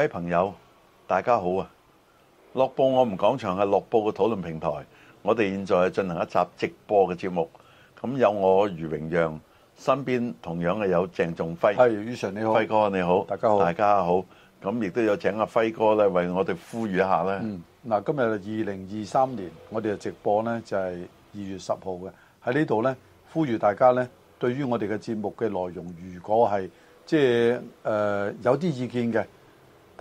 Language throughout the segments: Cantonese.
各位朋友，大家好啊！樂報我們講場係樂報嘅討論平台，我哋現在進行一集直播嘅節目。咁有我余榮讓，身邊同樣嘅有鄭仲輝。係，余 Sir 你好，輝哥你好，大家好，大家好。咁亦都有請阿、啊、輝哥咧，為我哋呼籲一下咧。嗯，嗱，今日二零二三年，我哋嘅直播呢就係二月十號嘅喺呢度呢，呼籲大家呢對於我哋嘅節目嘅內容，如果係即係有啲意見嘅。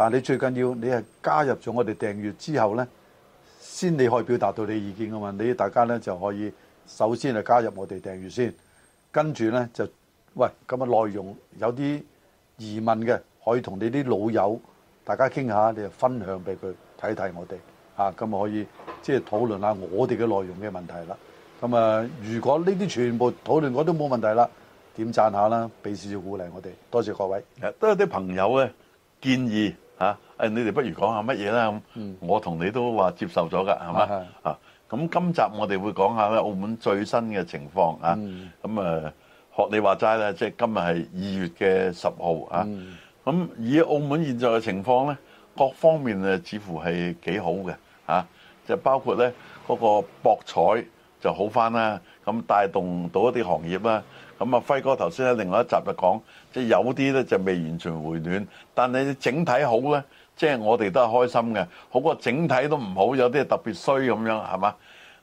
但係你最緊要，你係加入咗我哋訂閱之後呢，先你可以表達到你意見嘅嘛。你大家呢就可以首先係加入我哋訂閱先，跟住呢，就喂咁啊內容有啲疑問嘅，可以同你啲老友大家傾下，你就分享俾佢睇睇我哋。咁啊可以即係討論下我哋嘅內容嘅問題啦。咁啊，如果呢啲全部討論我都冇問題啦，讚點讚下啦，俾少少鼓勵我哋，多謝各位。都有啲朋友呢建議，嚇！你哋不如講下乜嘢啦咁，嗯、我同你都話接受咗噶，係嘛？啊，咁今集我哋會講下咧，澳門最新嘅情況啊。咁、嗯、學你話齋啦，即係今日係二月嘅十號啊。咁、嗯、以澳門現在嘅情況咧，各方面似乎係幾好嘅嚇。就包括咧嗰個博彩就好翻啦，咁帶動到一啲行業啦。咁啊，輝哥頭先喺另外一集就講。即係有啲咧就未完全回暖，但係整體好咧，即係我哋都係開心嘅。好過整體都唔好，有啲係特別衰咁樣，係嘛？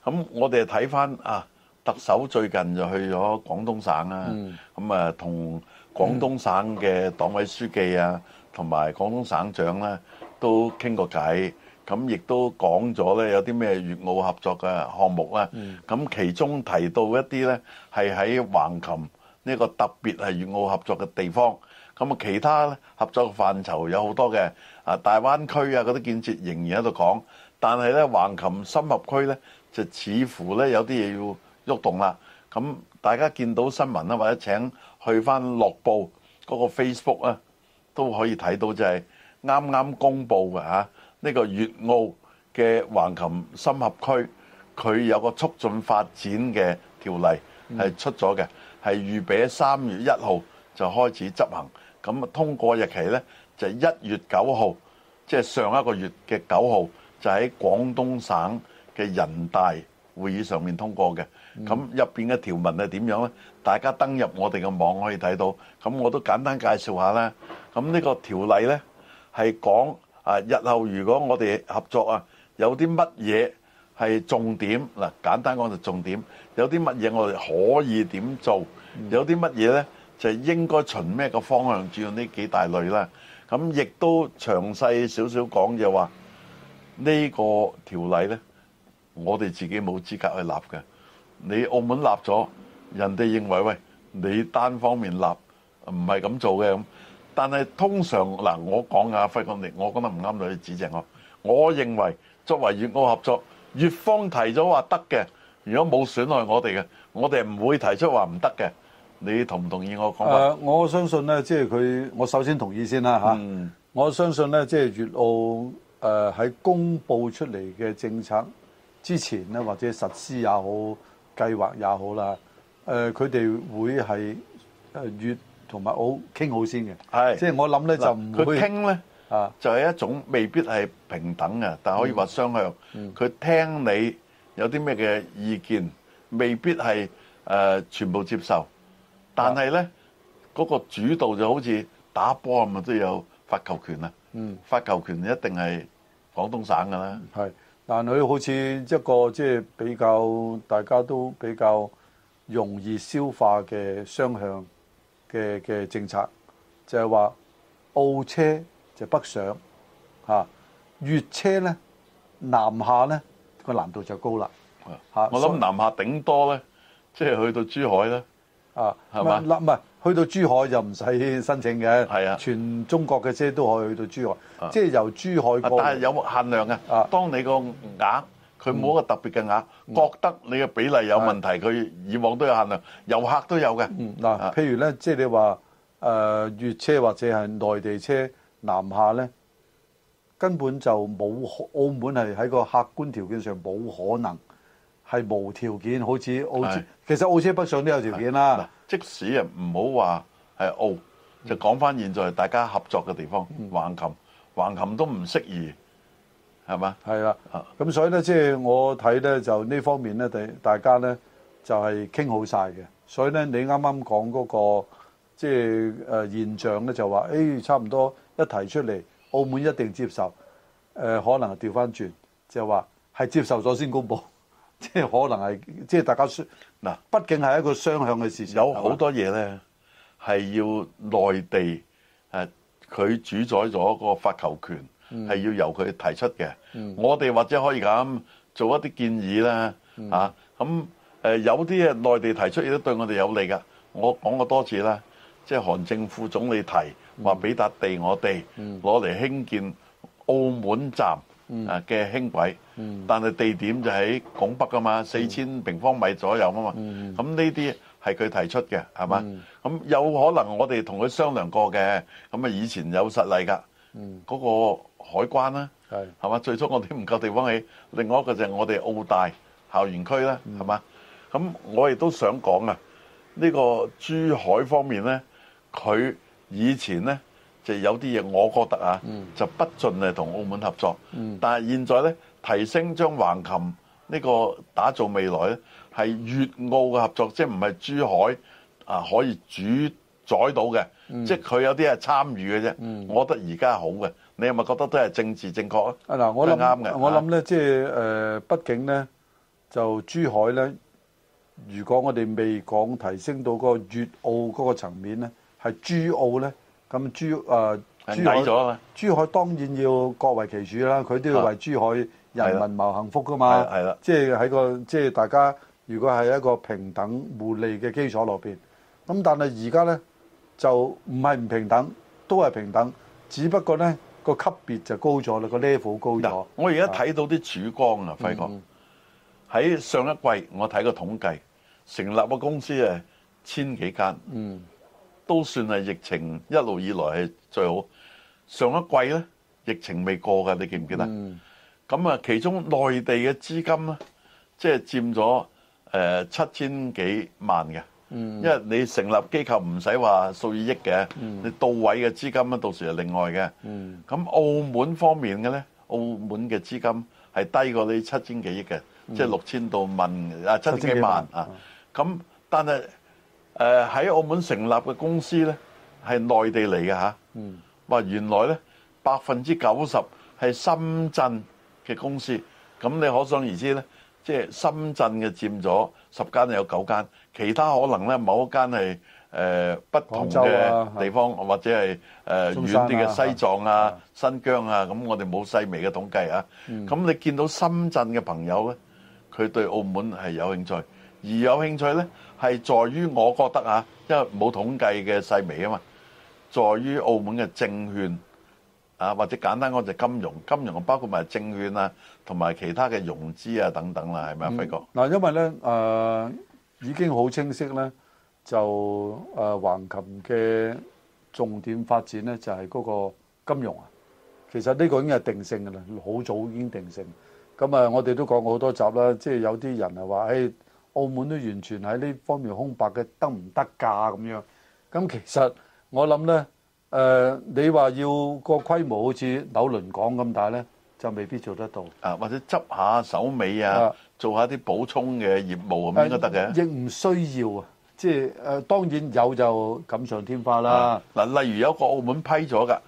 咁我哋睇翻啊，特首最近就去咗廣東省啊，咁啊同廣東省嘅黨委書記啊同埋廣東省長咧都傾過偈，咁亦都講咗咧有啲咩粵澳合作嘅項目啊，咁，嗯，其中提到一啲咧係喺橫琴。呢個特別係粵澳合作嘅地方，咁啊其他合作嘅範疇有好多嘅，啊大灣區啊嗰啲建設仍然喺度講，但係咧橫琴深合區咧就似乎咧有啲嘢要喐動啦。咁大家見到新聞啦，或者請去翻樂報嗰個 Facebook 咧，都可以睇到就係啱啱公布嘅嚇，呢個粵澳嘅橫琴深合區佢有個促進發展嘅條例係出咗嘅。係預備喺三月一號就開始執行，咁通過日期呢，就一月九號，即係上一個月嘅九號就喺廣東省嘅人大會議上面通過嘅。咁入邊嘅條文係點樣呢？大家登入我哋嘅網可以睇到。咁我都簡單介紹一下啦。咁呢個條例呢，係講啊，日後如果我哋合作啊，有啲乜嘢係重點嗱，簡單講就重點。有啲乜嘢我哋可以點做？有啲乜嘢呢就應該循咩個方向？主要呢幾大類啦。咁亦都詳細少少講就話呢個條例呢，我哋自己冇資格去立嘅。你澳門立咗，人哋認為喂你單方面立唔係咁做嘅。咁但係通常嗱，我講啊，輝哥，你我講得唔啱，你可以指正我。我認為作為粵澳合作，粵方提咗話得嘅。如果冇損害我哋嘅，我哋唔會提出話唔得嘅。你同唔同意我講法、呃？我相信咧，即係佢，我首先同意先啦、啊嗯、我相信咧，即係粵澳誒喺、呃、公佈出嚟嘅政策之前咧，嗯，或者實施也好，計劃也好啦，誒、呃，佢哋會係粵同埋澳傾好先嘅。即係我諗咧、呃、就唔會傾咧啊，就係、是、一種未必係平等嘅，但可以話雙向。佢、嗯嗯、聽你。有啲咩嘅意見，未必係誒全部接受，但係呢嗰個主導就好似打波咁啊，都有發球權啊。嗯，發球權一定係廣東省噶啦。係，但係佢好似一個即係比較大家都比較容易消化嘅雙向嘅嘅政策，就係話澳車就北上吓，粵車呢南下呢。個難度就高啦，嚇！我諗南下頂多咧，即係去到珠海咧，啊，係咪？嗱，唔係去到珠海就唔使申請嘅，係啊，全中國嘅車都可以去到珠海，啊、即係由珠海過、啊、但係有限量嘅、啊，當你個額，佢冇一個特別嘅額、嗯，覺得你嘅比例有問題，佢、嗯、以往都有限量，遊客都有嘅。嗱、嗯啊啊，譬如咧，即係你話誒粵車或者係內地車南下咧。根本就冇澳門係喺個客觀條件上冇可能係無條件，好似澳車其實澳車北上都有條件啦。即使啊，唔好話係澳，嗯、就講翻現在大家合作嘅地方，嗯、橫琴，橫琴都唔適宜，係嘛？係啦。咁所以呢，即係我睇呢，就呢方面呢，大家呢就係、是、傾好晒嘅。所以呢、那個，你啱啱講嗰個即係誒現象呢，就話誒差唔多一提出嚟。澳門一定接受，誒、呃、可能掉翻轉，就話係接受咗先公佈，即、就、係、是、可能係即係大家說，嗱、啊，畢竟係一個雙向嘅事情，有好多嘢咧係要內地誒，佢主宰咗個發球權，係、嗯、要由佢提出嘅、嗯，我哋或者可以咁做一啲建議啦，嚇、嗯，咁、啊、有啲誒內地提出亦都對我哋有利㗎，我講過多次啦，即、就、係、是、韓政副總理提。話俾笪地我哋攞嚟興建澳門站啊嘅輕軌，但係地點就喺拱北啊嘛，四千平方米左右啊嘛。咁呢啲係佢提出嘅係嘛？咁有可能我哋同佢商量過嘅，咁啊以前有實例㗎。嗰個海關啦係係嘛？最終我哋唔夠地方起，另外一個就係我哋澳大校園區啦係嘛？咁我亦都想講啊，呢個珠海方面咧佢。以前咧就有啲嘢，我覺得啊，嗯、就不盡啊同澳門合作。嗯、但係現在咧，提升將橫琴呢個打造未來咧，係粵澳嘅合作，嗯、即係唔係珠海啊可以主宰到嘅、嗯，即係佢有啲係參與嘅啫、嗯。我覺得而家好嘅，你係咪覺得都係政治正確啊？啊嗱，我諗我諗咧，即係誒，畢竟咧就珠海咧，如果我哋未講提升到個粵澳嗰個層面咧。係珠澳咧，咁珠誒、呃、珠海，珠海當然要各為其主啦。佢都要為珠海人民謀幸福㗎嘛。啦、啊，即係喺個即係、就是、大家，如果係一個平等互利嘅基礎落邊。咁但係而家咧就唔係唔平等，都係平等，只不過咧個級別就高咗啦，個 level 高咗。我而家睇到啲曙光啦、嗯、輝哥喺上一季我睇個統計，成立嘅公司係千幾間。嗯都算係疫情一路以來係最好。上一季呢，疫情未過嘅，你記唔記得？咁啊，其中內地嘅資金呢，即係佔咗七千幾萬嘅。因為你成立機構唔使話數以億嘅，你到位嘅資金咧，到時係另外嘅。咁澳門方面嘅呢，澳門嘅資金係低過呢七千幾億嘅，即係六千到七千萬啊，七千幾萬啊。咁但係誒喺澳門成立嘅公司咧，係內地嚟嘅嚇。哇，原來咧百分之九十係深圳嘅公司，咁你可想而知咧，即係深圳嘅佔咗十間有九間，其他可能咧某一間係誒不同嘅地方，或者係誒遠啲嘅西藏啊、新疆啊，咁我哋冇細微嘅統計啊。咁你見到深圳嘅朋友咧，佢對澳門係有興趣，而有興趣咧。係在於我覺得啊，因為冇統計嘅細微啊嘛，在於澳門嘅證券啊，或者簡單講就金融，金融啊包括埋證券啊，同埋其他嘅融資啊等等啦，係咪啊，輝哥？嗱，因為咧誒已經好清晰咧，就誒橫琴嘅重點發展咧就係嗰個金融啊。其實呢個已經係定性㗎啦，好早已經定性。咁啊，我哋都講過好多集啦，即係有啲人係話誒。澳門都完全喺呢方面空白嘅，得唔得㗎咁樣？咁其實我諗呢，誒、呃、你話要個規模好似紐倫港咁大呢，就未必做得到。啊，或者執下手尾啊，做下啲補充嘅業務係咪都得嘅？亦唔需要啊。即係誒，當然有就錦上添花啦。嗱，例如有個澳門批咗噶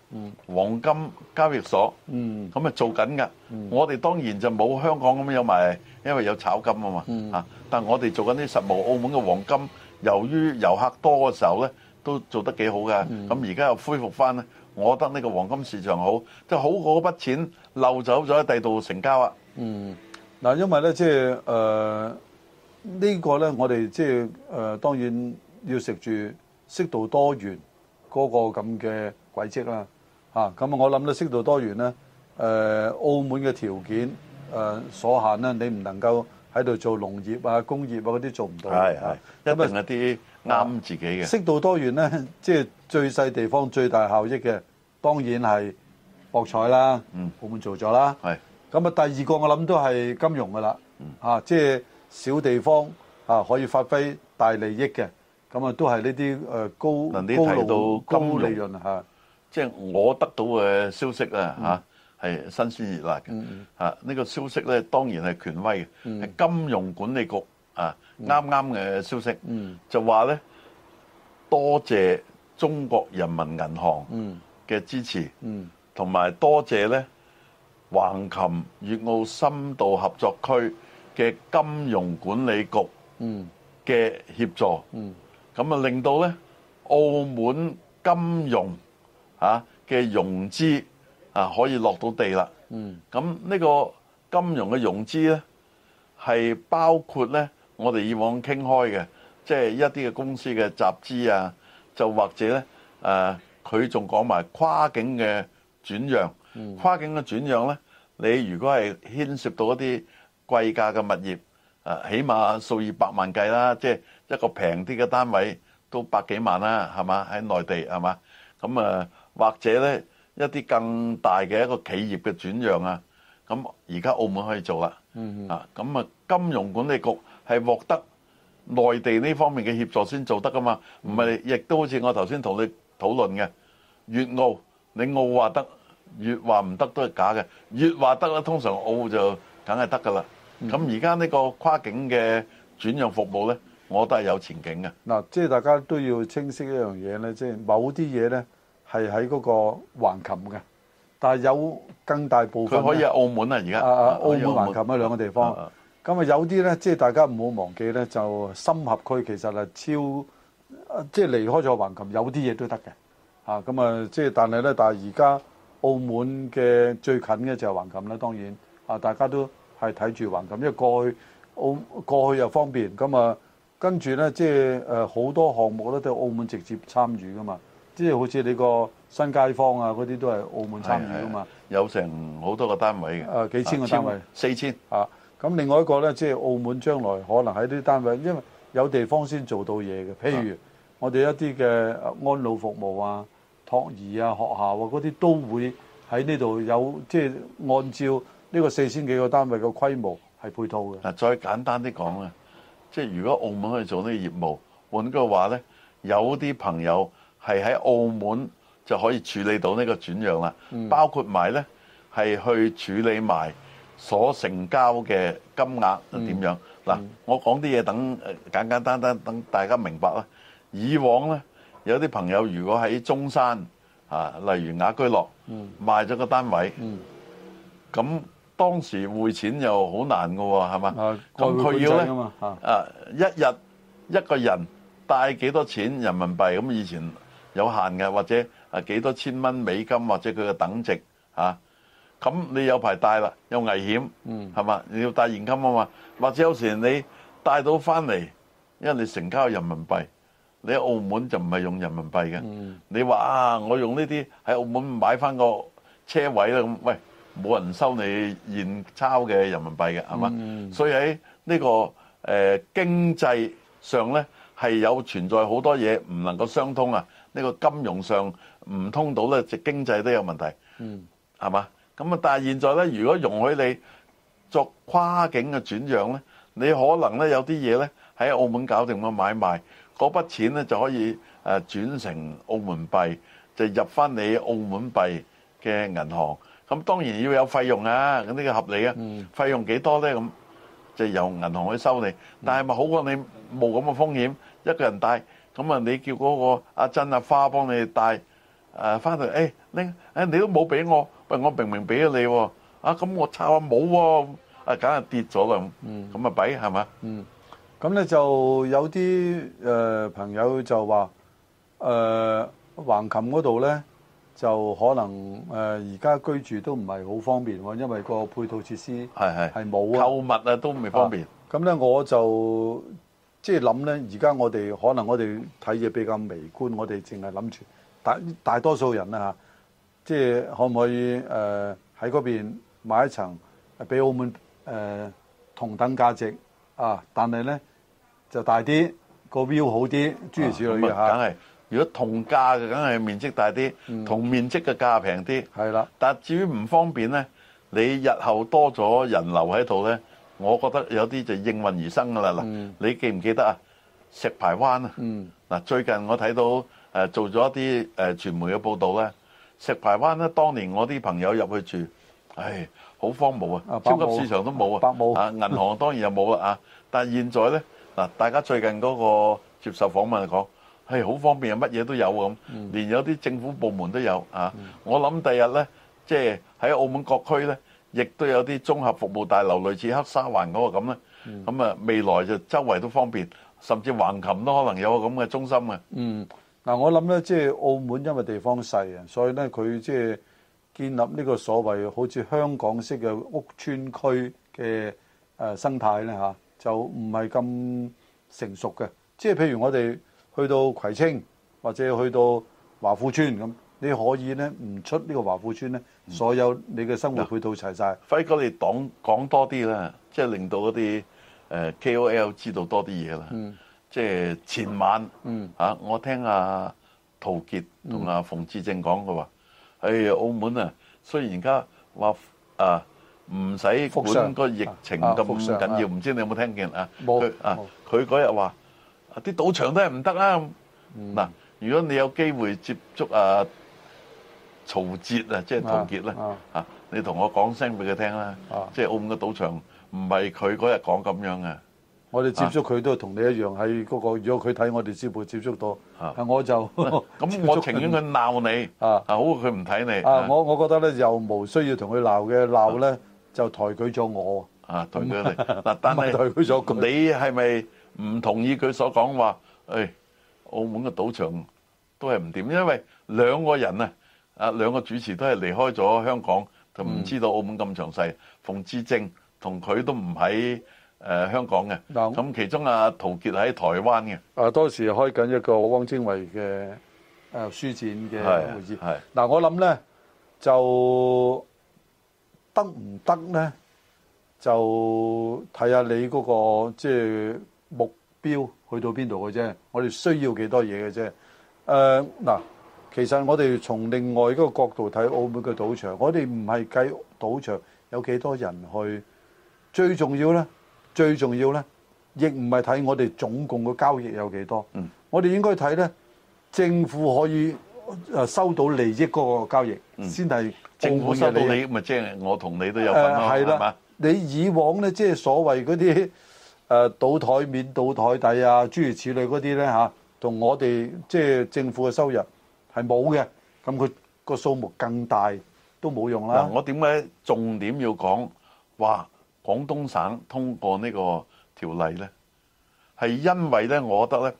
黃金交易所，嗯，咁啊做緊噶。我哋當然就冇香港咁樣有埋，因為有炒金啊嘛，嗯。吓，但我哋做緊啲實務。澳門嘅黃金，由於遊客多嘅時候咧，都做得幾好嘅。咁而家又恢復翻咧，我覺得呢個黃金市場好，即係好過筆錢漏走咗，喺第度成交啊。嗯，嗱，因為咧，即係誒。呢個咧，我哋即係誒，當然要食住適度多元嗰個咁嘅軌跡啦。嚇，咁我諗到適度多元咧，誒澳門嘅條件誒所限咧，你唔能夠喺度做農業啊、工業啊嗰啲做唔到。係係，一定一啲啱自己嘅。適度多元咧，即係最細地方最大效益嘅，當然係博彩啦。嗯，澳門做咗啦。係。咁啊，第二個我諗都係金融噶啦。嗯。嚇，即係。小地方嚇，可以發揮大利益嘅，咁啊都係呢啲誒高高路高利潤嚇。即係、就是、我得到嘅消息、嗯、啊嚇係新鮮熱辣嘅嚇。呢、嗯啊呢個消息咧當然係權威嘅，係、嗯、金融管理局啊啱啱嘅消息，嗯、就話咧多謝中國人民銀行嘅支持，同、嗯、埋、嗯、多謝咧橫琴粵澳深度合作區，嘅金融管理局嘅協助，咁啊令到咧澳門金融啊嘅融資啊可以落到地啦。咁呢個金融嘅融資咧，係包括咧我哋以往傾開嘅，即係一啲嘅公司嘅集資啊，就或者咧誒佢仲講埋跨境嘅轉讓，跨境嘅轉讓咧，你如果係牽涉到一啲貴價嘅物業，誒起碼數以百萬計啦，即係一個平啲嘅單位都百幾萬啦，係嘛？喺內地係嘛？咁誒，或者呢一啲更大嘅一個企業嘅轉讓啊，咁而家澳門可以做啦。啊，咁啊金融管理局係獲得內地呢方面嘅協助先做得㗎嘛，唔係亦都好似我頭先同你討論嘅，粵澳你澳話得，粵話唔得都係假嘅，粵話得咧通常澳就梗係得㗎喇。咁而家呢個跨境嘅轉讓服務咧，我覺得係有前景嘅。嗱，即係大家都要清晰一樣嘢咧，即係某啲嘢咧係喺嗰個橫琴嘅，但係有更大部分佢可以喺澳門啊！而家啊啊，澳門，澳門橫琴啊兩個地方。咁啊，有啲咧，即係大家唔好忘記咧，就深合區其實係超即係離開咗橫琴，有啲嘢都得嘅。咁啊，即係但係咧，但係而家澳門嘅最近嘅就係橫琴啦。當然啊，大家都。係睇住環境，因為過去澳過去又方便咁啊，跟住呢，即係呃、好多項目呢都係澳門直接參與噶嘛，即係好似你個新街坊啊嗰啲都係澳門參與噶嘛，係係，有成好多個單位嘅，幾、啊、幾千個單位，四千啊，咁另外一個呢，即係澳門將來可能喺呢啲單位，因為有地方先做到嘢嘅，譬如我哋一啲嘅安老服務啊、托兒啊、學校啊嗰啲都會喺呢度有，即係按照。呢、呢個四千幾個單位嘅規模係配套嘅。嗱，再簡單啲講啊，即係如果澳門去做呢個業務，換句話呢，有啲朋友係喺澳門就可以處理到呢個轉讓啦。嗯、包括埋呢係去處理埋所成交嘅金額點樣嗱、嗯。我講啲嘢等簡簡單單，等大家明白啦。以往呢，有啲朋友如果喺中山啊，例如雅居樂賣咗個單位，咁、嗯。當時匯錢又好難㗎喎，係嘛？咁佢要咧，啊，一日一個人帶幾多錢人民幣咁？以前有限嘅，或者啊幾多千蚊美金或者佢嘅等值吓，咁你有排帶啦，又危險嗯，係嘛？要帶現金啊嘛。或者有時你帶到翻嚟，因為你成交人民幣，你喺澳門就唔係用人民幣嘅。你話啊，我用呢啲喺澳門買翻個車位啦咁，喂。冇人收你現鈔嘅人民幣嘅，係嘛？所以喺呢個誒經濟上咧，係有存在好多嘢唔能夠相通啊。呢個金融上唔通到咧，就經濟都有問題，係嘛？咁啊，但係現在咧，如果容許你作跨境嘅轉讓咧，你可能咧有啲嘢咧喺澳門搞掂個買賣，嗰筆錢咧就可以誒轉成澳門幣，就入返你澳門幣嘅銀行。咁當然要有費用啊，咁呢個合理啊。費用幾多咧？咁就由銀行去收你。但係咪好過你冇咁嘅風險，一個人帶？咁啊，你叫嗰個阿珍阿花幫你哋帶，誒翻去，誒拎，誒你都冇俾我，喂我明明俾咗你喎，啊咁我抄下冇喎，啊梗係跌咗啦，咁咁咪弊係嘛？咁咧就有啲誒朋友就話誒橫琴嗰度咧。就可能誒而家居住都唔係好方便，因為個配套設施係冇啊，是是，購物啊都未方便。咁、啊、咧我就即係諗咧，而、就、家、是、我哋可能我哋睇嘢比較微觀，我哋淨係諗住大大多數人啊，即、就、係、是、可唔可以誒喺嗰邊買一層，誒俾澳門誒、呃、同等價值啊，但係咧就大啲個 view 好啲，諸如此類嚇，梗係。如果同價嘅，梗係面積大啲、嗯；同面積嘅價平啲。係啦。但係至於唔方便呢，你日後多咗人流喺度呢，我覺得有啲就應運而生噶啦。嗱、嗯，你記唔記得啊？石排灣啊，嗱、嗯，最近我睇到誒、呃、做咗一啲誒傳媒嘅報導呢，石排灣呢，當年我啲朋友入去住，唉，好荒蕪啊，超級市場都冇啊，百冇啊，銀行當然又冇啦啊。 但係現在呢，嗱，大家最近嗰個接受訪問講。係好方便，乜嘢都有咁，連有啲政府部門都有啊。我諗第日咧，即係喺澳門各區咧，亦都有啲綜合服務大樓，類似黑沙環嗰個咁咧。咁啊，未來就周圍都方便，甚至橫琴都可能有個咁嘅中心嘅。嗯，嗱，我諗咧，即係澳門因為地方細啊，所以咧佢即係建立呢個所謂好似香港式嘅屋邨區嘅誒生態咧嚇，就唔係咁成熟嘅。即係譬如我哋。去到葵青或者去到華富村咁，你可以咧唔出呢個華富村咧，所有你嘅生活配套齊曬。輝哥你講講多啲啦，即係令到嗰啲誒 KOL 知道多啲嘢啦。即係前晚啊，我聽阿陶傑同阿馮志正講佢話，誒澳門啊，雖然而家話啊唔使管個疫情咁緊要，唔知你有冇聽見啊？冇啊！佢嗰日話。啊！啲賭場都係唔得啦。嗱，如果你有機會接觸啊曹哲啊，即係陶傑咧，啊，你同我講聲俾佢聽啦。即係澳門嘅賭場，唔係佢嗰日講咁樣嘅。我哋接觸佢都同你一樣，喺嗰個，如果佢睇我哋樂報接觸到，啊，我就咁，我情願佢鬧你啊，好過佢唔睇你。啊，我我覺得咧，又冇需要同佢鬧嘅鬧咧，就抬舉咗我啊，抬舉你嗱，但係抬舉咗你係咪？唔同意佢所講話，誒、哎，澳門嘅賭場都係唔掂，因為兩個人啊，啊兩個主持都係離開咗香港，就唔知道澳門咁詳細。馮、嗯、志正同佢都唔喺、呃、香港嘅，咁、嗯、其中啊，陶傑喺台灣嘅，啊當時開緊一個汪精衛嘅誒、啊、書展嘅會議，嗱、啊、我諗咧就得唔得咧？就睇下你嗰、那個即係。就是目標去到邊度嘅啫？我哋需要幾多嘢嘅啫？誒嗱，其實我哋從另外一個角度睇澳門嘅賭場，我哋唔係計賭場有幾多人去，最重要咧，最重要咧，亦唔係睇我哋總共嘅交易有幾多。嗯，我哋應該睇咧，政府可以誒收到利益嗰個交易先係政府收到利益，咪即係我同你都有份啦，係嘛？你以往咧，即係所謂嗰啲。誒倒台面、倒台底啊，諸如此類嗰啲咧，同我哋即係政府嘅收入係冇嘅，咁佢個數目更大都冇用啦、嗯。我點解重點要講話廣東省通過呢個條例咧？係因為咧，我覺得咧，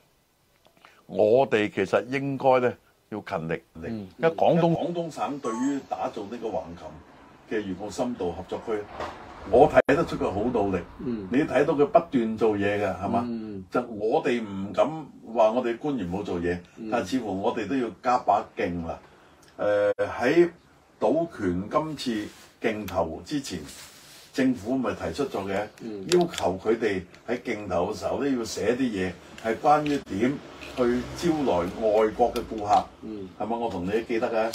我哋其實應該咧要勤力，因、嗯、為廣，廣東省對於打造呢個橫琴嘅粵澳深度合作區。我睇得出佢好努力，嗯你，你睇到佢不斷做嘢嘅，係嘛？就我哋唔敢話我哋官員冇做嘢，嗯，但似乎我哋都要加把勁啦。誒喺賭權今次競投之前，政府咪提出咗嘅，嗯，要求佢哋喺競投嘅時候都要寫啲嘢，係關於點去招來外國嘅顧客，係咪？我同你記得嘅。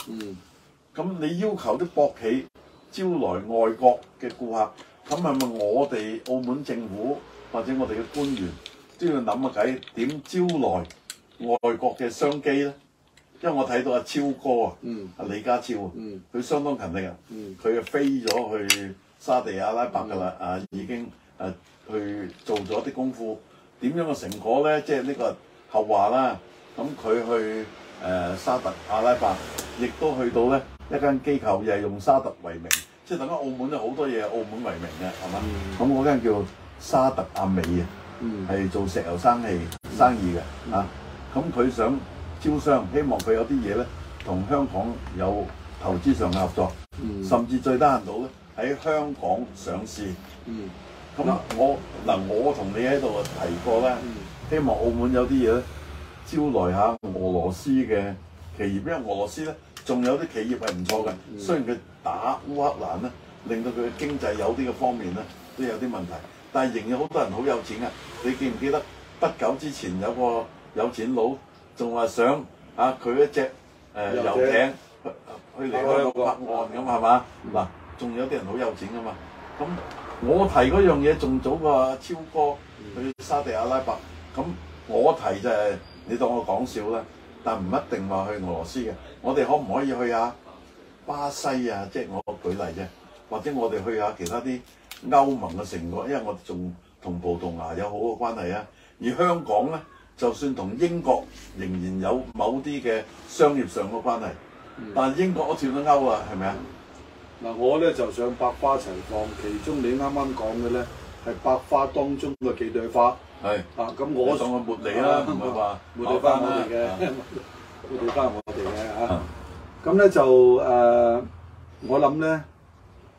咁你要求啲博企，招來外國嘅顧客，咁係咪我哋澳門政府或者我哋嘅官員都要諗下計，點招來外國嘅商機咧？因為我睇到阿、啊、超哥啊，阿、嗯、李家超啊，佢、嗯、相當勤力啊，佢、嗯、就飛咗去沙地阿拉伯㗎啦，啊已經誒、啊、去做咗啲功夫，點樣嘅成果咧？即係呢個後話啦。咁佢去誒、呃、沙特阿拉伯，亦都去到咧一間機構，又係用沙特為名。即係等於，澳門咧好多嘢，澳門為名嘅，係嘛？咁、嗯、我間叫沙特阿美啊，係、嗯、做石油生意生意嘅、嗯嗯、啊。咁佢想招商，希望佢有啲嘢咧，同香港有投資上嘅合作、嗯，甚至最低限度咧喺香港上市。咁、嗯、我嗱，我同你喺度提過啦、嗯，希望澳門有啲嘢咧招來一下俄羅斯嘅企業，因為俄羅斯咧仲有啲企業係唔錯嘅、嗯，雖然佢。打烏克蘭咧，令到佢嘅經濟有啲嘅方面咧，都有啲問題。但係仍然好多人好有錢嘅，你記唔記得不久之前有個有錢佬仲話想嚇佢、啊、一隻誒遊、呃、艇，遊艇，遊艇去、啊、去離開個北岸咁係、嗯、嘛？嗱，仲有啲人好有錢噶嘛。咁我提嗰樣嘢仲早過、啊、超哥去沙地阿拉伯。咁我提就係、是、你當我講笑啦，但唔一定話去俄羅斯嘅。我哋可唔可以去啊？巴西啊，即係我舉例啫，或者我哋去下其他啲歐盟嘅城國，因為我仲同葡萄牙有好嘅關係啊。而香港咧，就算同英國仍然有某啲嘅商業上嘅關係，但係英國都脫咗歐啊，係咪啊？嗱，我咧就上百花齊放，其中你啱啱講嘅咧係百花當中嘅幾朵花，係啊，咁我想去抹你啦，唔係話抹翻我哋嘅，抹翻我哋嘅嚇。咁咧就誒、呃，我諗咧，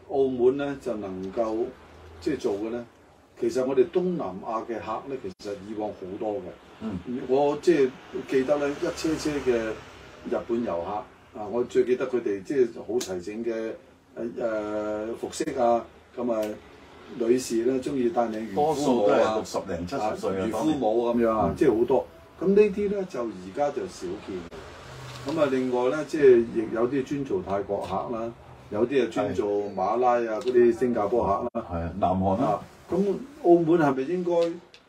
澳門咧就能夠即係做嘅咧。其實我哋東南亞嘅客咧，其實以往好多嘅。嗯，我即係記得咧一車車嘅日本遊客啊，我最記得佢哋即係好齊整嘅誒、呃、服飾啊，咁、嗯、啊女士咧中意帶領多數都係六十零七十歲嘅漁夫、啊、漁夫帽咁樣、嗯、樣，即係好多。咁呢啲咧就而家就少見。咁啊，另外咧，即係亦有啲專做泰國客啦，有啲係專做馬拉啊，嗰啲新加坡客啦，係啊，南韓啊。咁澳門係咪應該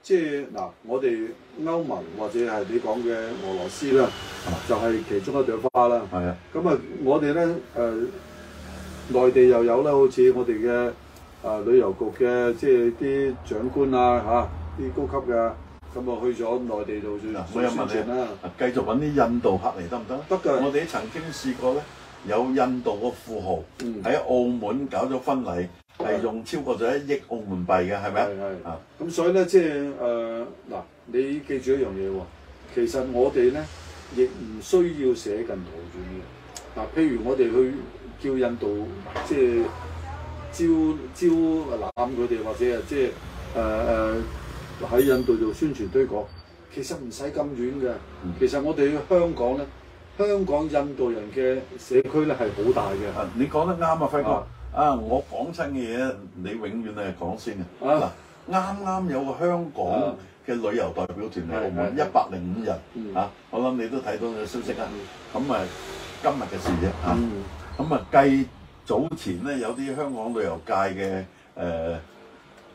即係嗱？我哋歐盟或者係你講嘅俄羅斯啦，就係、是、其中一朵花啦。係啊。咁啊，我哋咧誒，內地又有啦，好似我哋嘅、呃、旅遊局嘅即係啲長官啊嚇，啲高級嘅。咁啊，去咗內地度算啦，冇人問你啊！繼續揾啲印度客嚟得唔得？得嘅。我哋曾經試過咧，有印度個富豪喺澳門搞咗婚禮，係、嗯、用超過咗一億澳門幣嘅，係咪啊？係係。咁、嗯嗯、所以咧，即係誒嗱，你記住一樣嘢喎，其實我哋咧亦唔需要寫近途遠嘅。嗱、呃，譬如我哋去叫印度，即係招招攬佢哋，或者係即係誒誒。呃呃喺印度做宣傳推廣，其實唔使咁遠嘅、嗯。其實我哋香港咧，香港印度人嘅社區咧係好大嘅。你說得對啊，你講得啱啊，輝哥。啊，啊我講親嘅嘢，你永遠都係講先嘅。嗱、啊，啱、啊、啱有個香港嘅旅遊代表團嚟、啊、澳門，一百零五日。嚇、嗯啊。我諗你都睇到嘅消息啦。咁、嗯、啊，今日嘅事啫嚇。咁、嗯、啊，繼早前咧有啲香港旅遊界嘅誒。呃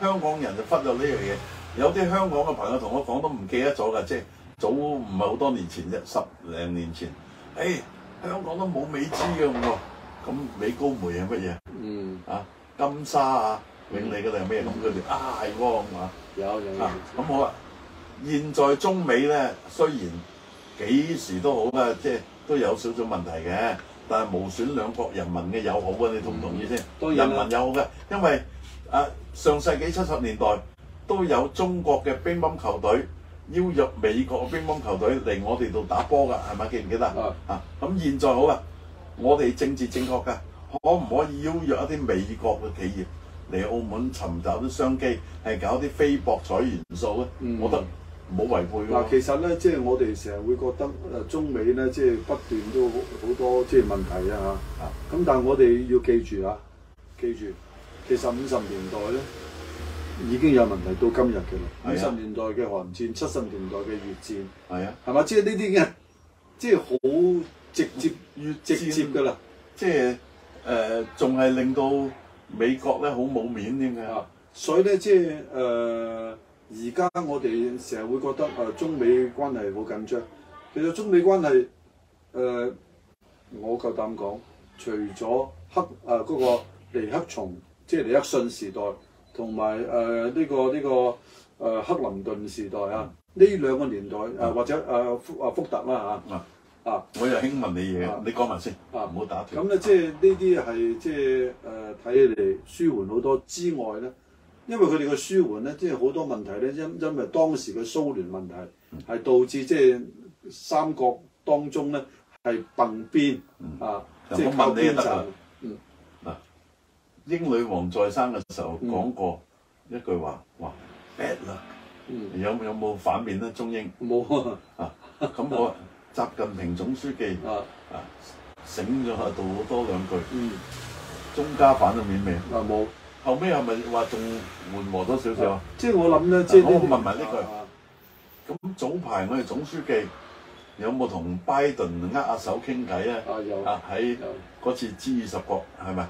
香港人就忽略呢樣嘢，有啲香港嘅朋友同我講都唔記得咗㗎，即係早唔係好多年前啫，十零年前、哎，誒香港都冇美資㗎喎，咁美高梅係乜嘢？嗯啊，啊金沙啊，永利嗰度係咩咁佢哋，啊係喎，啊有有咁好啊，我現在中美咧雖然幾時都好嘅，即係都有少少問題嘅，但係無損兩國人民嘅友好㗎，你同唔同意先？嗯、當然啦。人民友好嘅，因為。啊！上世紀七十年代都有中國嘅乒乓球隊邀約美國嘅乒乓球隊嚟我哋度打波㗎，係咪記唔記得啊？咁現在好啊，我哋政治正確㗎，可唔可以邀約一啲美國嘅企業嚟澳門尋找啲商機，係搞啲非博彩元素咧，嗯？我覺得唔好違背嗱、啊，其實咧，即、就、係、是、我哋成日會覺得誒中美咧，即、就、係、是、不斷都好多即係、就是、問題啊嚇。咁、啊、但係我哋要記住啊，記住。其實五十年代咧已經有問題到今日嘅啦，五十年代嘅韓戰，七十年代嘅越戰，係啊，係嘛？即係呢啲嘅，即係好直接越直接㗎啦，即係誒，仲係令到美國咧好冇面添嘅嚇。所以咧，即係誒，而家我哋成日會覺得誒中美關係好緊張。其實中美關係誒，我夠膽講，除咗黑誒嗰個尼克松。即係尼克遜時代，同埋誒呢個呢、這個呃、克林頓時代啊，呢、嗯、兩個年代、嗯、或者啊、呃、福特啦、啊。啊，我又興問你嘢、啊，你講埋先說，唔、啊、好打斷。咁咧，即係呢啲係即係睇嚟、呃、舒緩好多之外咧，因為佢哋嘅舒緩咧，即係好多問題咧，因因為當時嘅蘇聯問題係、嗯、導致即係三國當中咧係崩邊啊，嗯、即英女王在生嘅時候講過一句話，話、嗯、bad luck、嗯、有有冇反面咧？中英冇啊。咁、啊、我 習近平總書記啊啊，醒咗道多兩句。嗯，中加反到面面啊冇。後尾係咪話仲緩和多少少、啊啊？即係我諗咧，即係、啊、我問埋呢句。咁、啊啊、早排我哋總書記。有冇同拜登握下手傾偈啊？啊有喺嗰、啊、次 G 二十國係咪？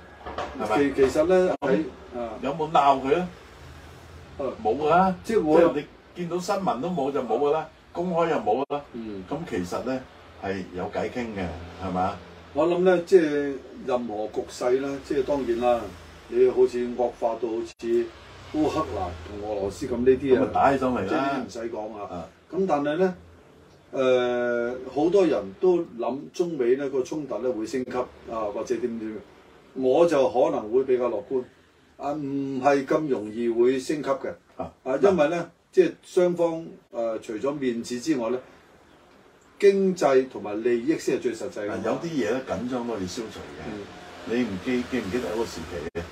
係咪？其其實咧、嗯，有冇鬧佢啊？冇噶、啊，即係我哋係見到新聞都冇就冇噶啦，公開又冇啦。咁、嗯、其實咧係有偈傾嘅，係嘛？我諗咧，即係任何局勢咧，即係當然啦、啊。你好似惡化到好似烏克蘭同俄羅斯咁呢啲嘢，打起上嚟啦，唔使講啊。咁、啊、但係咧。誒、呃、好多人都諗中美咧、呢個衝突咧會升級啊，或者點點，我就可能會比較樂觀啊，唔係咁容易會升級嘅啊，因為咧即係雙方、呃、除咗面子之外咧，經濟同埋利益先係最實際嘅。有啲嘢咧緊張都係消除嘅。嗯、你唔記唔記得有個時期嘅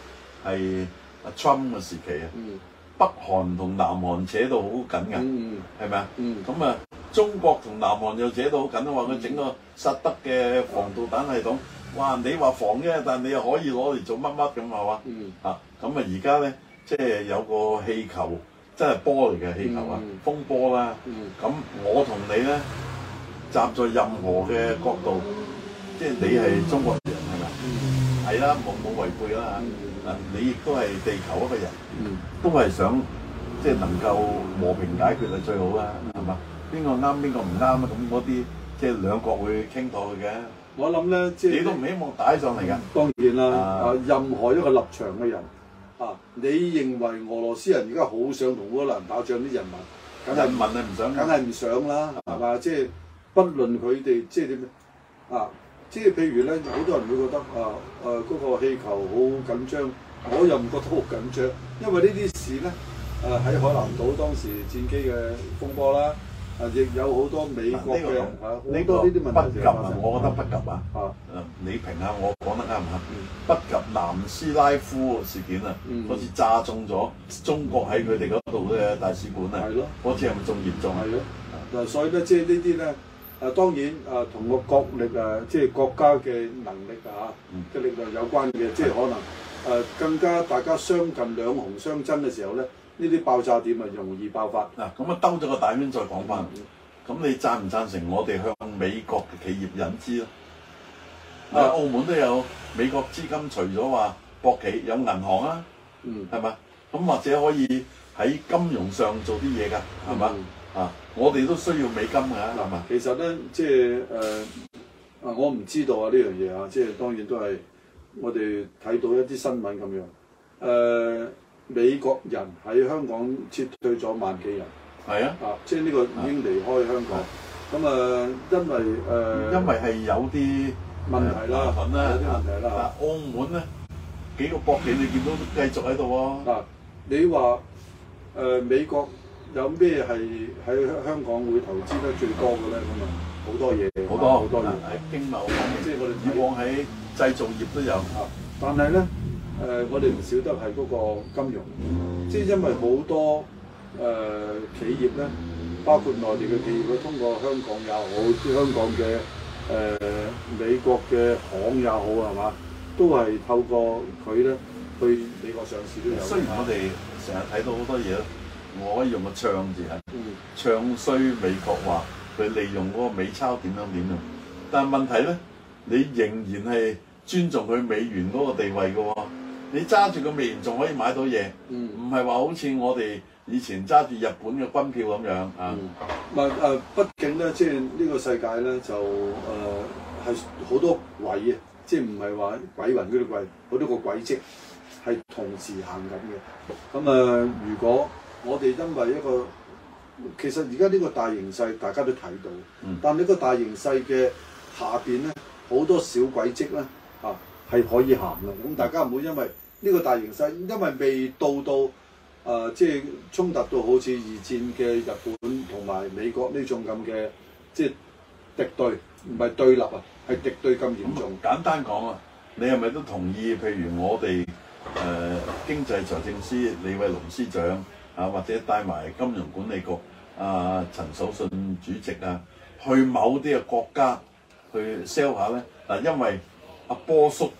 係阿 Trump 嘅時期啊？嗯、北韓同南韓扯到好緊㗎，係咪啊？咁、嗯、啊～中國同南韓又扯到好緊啊！話佢整個薩德嘅防導彈系統，哇！你話防啫，但係你又可以攞嚟做乜乜咁係嘛？啊咁啊！而家咧，即係有個氣球，真係波嚟嘅氣球啊！風波啦，咁我同你咧，站在任何嘅角度，即係你係中國人係嘛？係啦，冇冇違背啦嚇！啊，你亦都係地球一個人，都係想即係能夠和平解決係，最好啦，係嘛？邊個啱，邊個唔啱啊？咁嗰啲即係兩國會傾妥嘅。我諗咧，即係你都唔希望擺上嚟㗎。當然啦，啊，任何一個立場嘅人啊，你認為俄羅斯人而家好想同烏克蘭打仗啲人民，梗係問你唔想，梗係唔想啦，係、啊、嘛？即係不論佢哋即係點樣啊，即係譬如咧，好多人會覺得啊啊嗰、嗰個氣球好緊張，我又唔覺得好緊張，因為這些呢啲事咧，誒、啊、喺海南島當時戰機嘅風波啦。啊！亦有好多美國嘅呢個呢啲問題發生不及啊！我覺得不及啊！啊！你評下我講得啱唔啱？不及南斯拉夫事件啊、嗯！好似炸中咗中國喺佢哋嗰度嘅大使館啊！係、嗯、咯，好似係咪仲嚴重？係咯。嗱，所以咧，即係呢啲咧，啊當然啊，同個國力啊，即係國家嘅能力啊，嘅力量有關嘅，即、嗯、係、就是、可能啊，更加大家相近兩雄相爭嘅時候咧。呢啲爆炸點咪容易爆發嗱、啊，咁啊兜咗個大圈再講翻，咁、嗯、你贊唔贊成我哋向美國嘅企業引資？澳門都有美國資金，除咗話博企有銀行啊，嗯，係嘛？咁或者可以喺金融上做啲嘢㗎，係、嗯、嘛？啊，我哋都需要美金㗎，係、嗯、嘛？其實咧，即係誒，我唔知道啊呢樣嘢啊，即、就、係、是、當然都係我哋睇到一啲新聞咁樣、呃美國人喺香港撤退咗萬幾人，係啊，啊，即係呢個已經離開香港。咁啊，因為誒、呃，因為係有啲問題啦，啊、有啲問題啦。啊，澳門咧幾個博企你見到都繼續喺度喎。啊，你話誒、啊、美國有咩係喺香港會投資得最多嘅咧？咁啊，好多嘢，好多好多嘢，經貿，即、就、係、是、我哋以往喺製造業都有。啊、但係咧。誒、呃，我哋唔少得係嗰個金融，即、就、係、是、因為好多誒、呃、企業咧，包括內地嘅企業，佢通過香港又好，香港嘅誒、呃、美國嘅行也好，係嘛，都係透過佢咧去美國上市都有。雖然我哋成日睇到好多嘢，我可以用個唱字係、嗯、唱衰美國話，佢利用嗰個美鈔點樣點，但係問題咧，你仍然係尊重佢美元嗰個地位嘅喎。你揸住個面仲可以買到嘢，唔係話好似我哋以前揸住日本嘅軍票咁樣、嗯、啊。唔係誒，畢竟咧，即係呢個世界咧就誒係好多鬼嘅，即係唔係話鬼魂嗰啲鬼，好多個軌跡係同時行緊嘅。咁誒，呃嗯、如果我哋因為一個，其實而家呢個大形勢大家都睇到，嗯、但呢個大形勢嘅下邊咧好多小軌跡咧嚇。啊係可以行㗎、嗯，咁大家唔好因為呢個大形勢，因為未到到誒，即係衝突到好似二戰嘅日本同埋美國呢種咁嘅即係敵對，唔係對立啊，係敵對咁嚴重、嗯。簡單講啊，你係咪都同意？譬如我哋誒、呃、經濟財政司李偉龍司長啊，或者帶埋金融管理局啊陳守信主席啊，去某啲嘅國家去 sell 下咧、啊、因為。阿波叔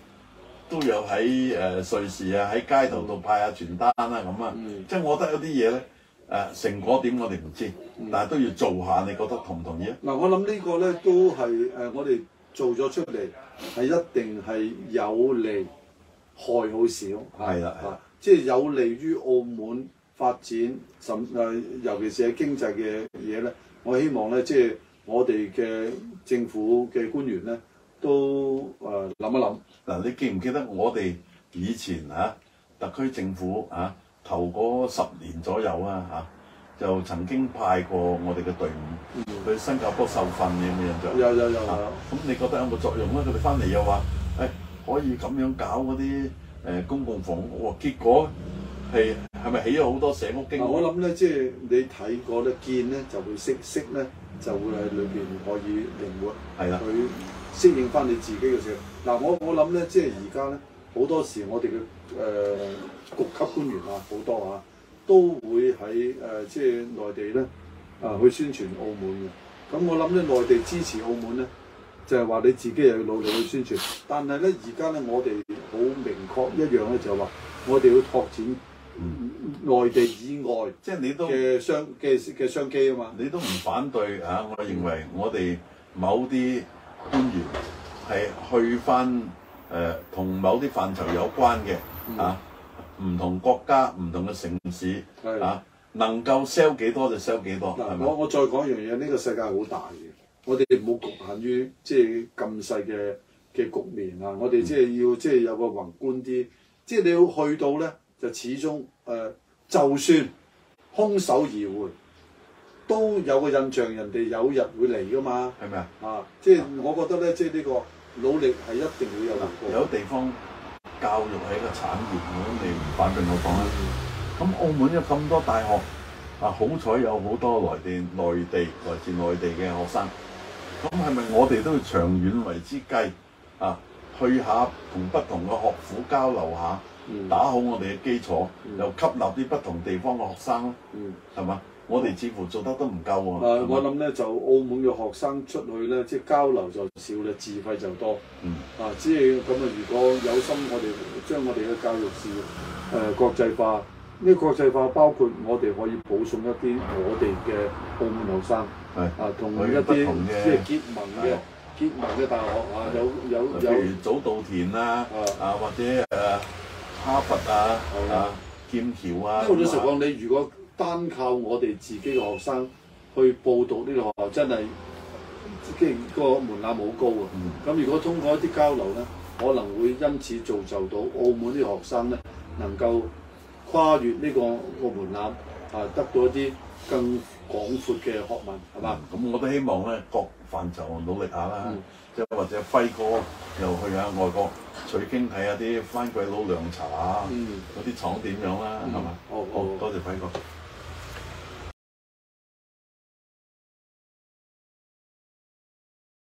都有喺瑞士啊，喺街頭度派下傳單啊，咁啊，即係我覺得有啲嘢咧、誒，成果點我哋唔知，嗯、但係都要做下，你覺得同唔同意啊？嗱，我諗呢個咧都係誒我哋做咗出嚟係一定係有利，害好少，係啊，即係有利於澳門發展，甚誒尤其是喺經濟嘅嘢咧，我希望咧即係我哋嘅政府嘅官員咧。都誒諗一諗嗱，你記唔記得我哋以前嚇、啊、特區政府嚇、啊、頭嗰十年左右啊嚇、啊，就曾經派過我哋嘅隊伍去新加坡受訓，有冇印象？有有有咁，啊有有有啊、你覺得有冇作用咧？佢哋翻嚟又話誒、哎、可以咁樣搞嗰啲誒公共房屋喎，結果係係咪起咗好多社屋經？經我諗咧，即、就、係、是、你睇過咧，見咧就會識識咧，就會喺裏邊可以靈活。係啦，佢。適應返你自己嘅事。嗱、啊，我我諗咧，即係而家咧，好多時我哋嘅誒局級官員啊，好多啊，都會喺誒、呃、即係內地咧啊去宣傳澳門嘅。咁我諗咧，內地支持澳門咧，就係、是、話你自己又要努力去宣傳。但係咧，而家咧，我哋好明確一樣咧，就係話我哋要拓展內地以外嘅商嘅嘅、嗯、商，商機啊嘛。你都唔反對啊？我認為我哋某啲。嗯嗯官員係去翻誒同某啲範疇有關嘅嚇，唔、嗯啊、同國家、唔同嘅城市、啊、能夠 sell 幾多就 sell 幾多。我我再講一樣嘢，呢個世界好大嘅，我哋冇局限於即係咁細嘅嘅局面啊，我哋、嗯、即係要即係有個宏觀啲，即係你要去到咧，就始終、呃、就算空手而回。都有個印象，人哋有日會嚟㗎嘛？係咪啊？啊，即、就、係、是、我覺得咧，即係呢個努力係一定會有回報，啊，有地方教育係一個產業，咁你唔反對我講咧？咁、嗯、澳門有咁多大學，啊好彩有好多來自內地，來自內地嘅學生。咁係咪我哋都要長遠為之計？啊，去下同不同嘅學府交流下，嗯，打好我哋嘅基礎，嗯，又吸納啲不同地方嘅學生咯，係、嗯、嘛？是我哋似乎做得都唔夠喎。誒、啊，我諗咧就澳門嘅學生出去咧，即係交流就少咧，自費就多。嗯。啊，即係咁啊！如果有心，我哋將我哋嘅教育事業誒國際化。呢國際化包括我哋可以保送一啲我哋嘅澳門學生。係。啊，一些同一啲即係結盟嘅結盟嘅大學啊，有有有。有如早稻田啊，啊或者誒哈佛啊啊劍橋啊。不過，啊啊、實講你如果。單靠我哋自己嘅學生去報讀呢個學校，真係即係個門檻好高啊！咁、嗯、如果通過一啲交流咧，可能會因此造就到澳門啲學生咧，能夠跨越呢個個門檻啊，得到一啲更廣闊嘅學問，係嘛？咁、嗯、我都希望咧，各範疇努力下啦，即、嗯、係或者輝哥又去下外國取經，睇下啲番鬼佬涼茶、嗯、啊，嗰啲廠點樣啦，係嘛？好、哦哦，多謝輝哥。